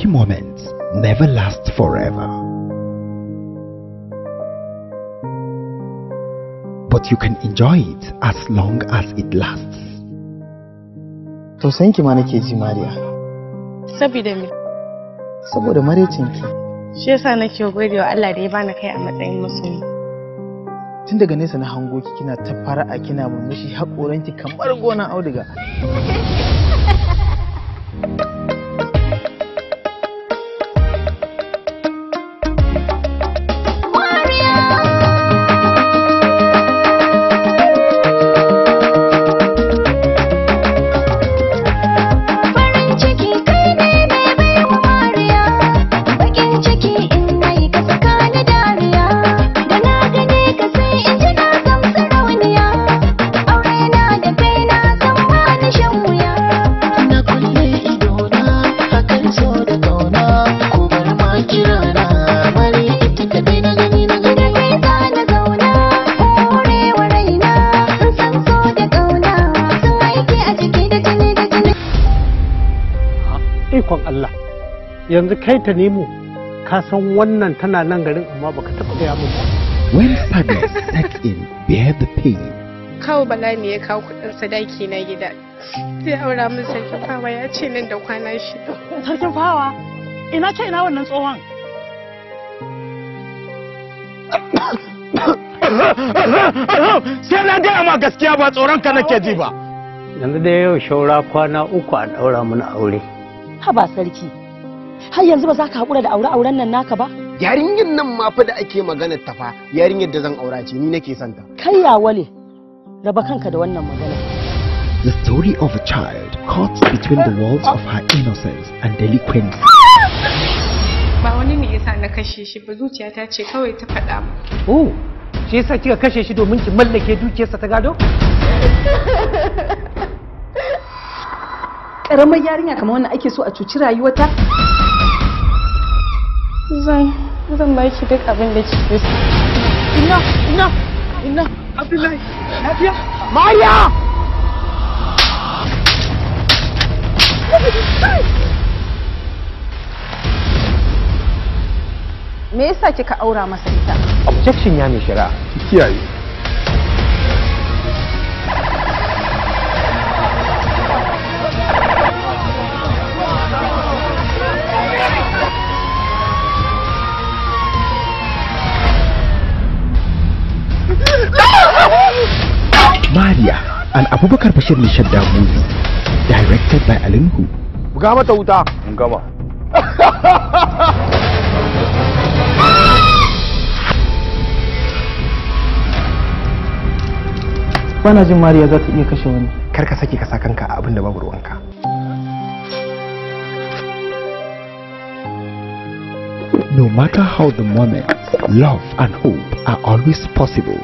happy moments never last forever. But you can enjoy it as long as it lasts. Tausayin ki ma nake ji Mariya. Saboda me? Saboda marecin ki. Shi yasa nake gode wa Allah da ya bani kai a matsayin musulmi. Tun daga nesa na hango ki kina ta fara a kina murmushi haƙoranki kamar gonan auduga. ikon Allah yanzu kai ta nemo ka san wannan tana nan garin amma baka taɓa gaya mun ba when sadness set in bear the pain kawo bala ne ya kawo kudin sadaki na gida zai aura min sarki fawa ya ce nan da kwana shi. sarkin fawa ina ce ina wannan tsohon sai na gaya ma gaskiya ba tsoron ka nake ji ba yanzu da yau shaura kwana uku a daura mun aure haba sarki har yanzu ba za ka haƙura da aure-auren nan naka ba yarinyar nan ma fa da ake magana ta fa yarinyar da zan aura ce ni nake son ta kai ya wale raba kanka da wannan magana The story of a child caught between the walls of her innocence and delinquency. Ba wani ne yasa na kashe shi ba zuciyata ce kawai ta faɗa mu. Oh, shi yasa kika kashe shi domin ki mallake dukiyarsa ta gado? karamar yarinya kamar wannan ake so a cuci rayuwata zan zan ba ki duk abin da kike so ina ina ina abdullahi lafiya mariya me yasa kika aura masa ita objection ya mai shari'a kiyaye Mariya and Abubakar Bashir Nishad Dawood directed by Alinhu. Hu. mata wuta. Bana jin Mariya za ta iya kashe wani. Kar ka saki ka kanka a abin da babu ruwanka. No matter how the moment, love and hope are always possible.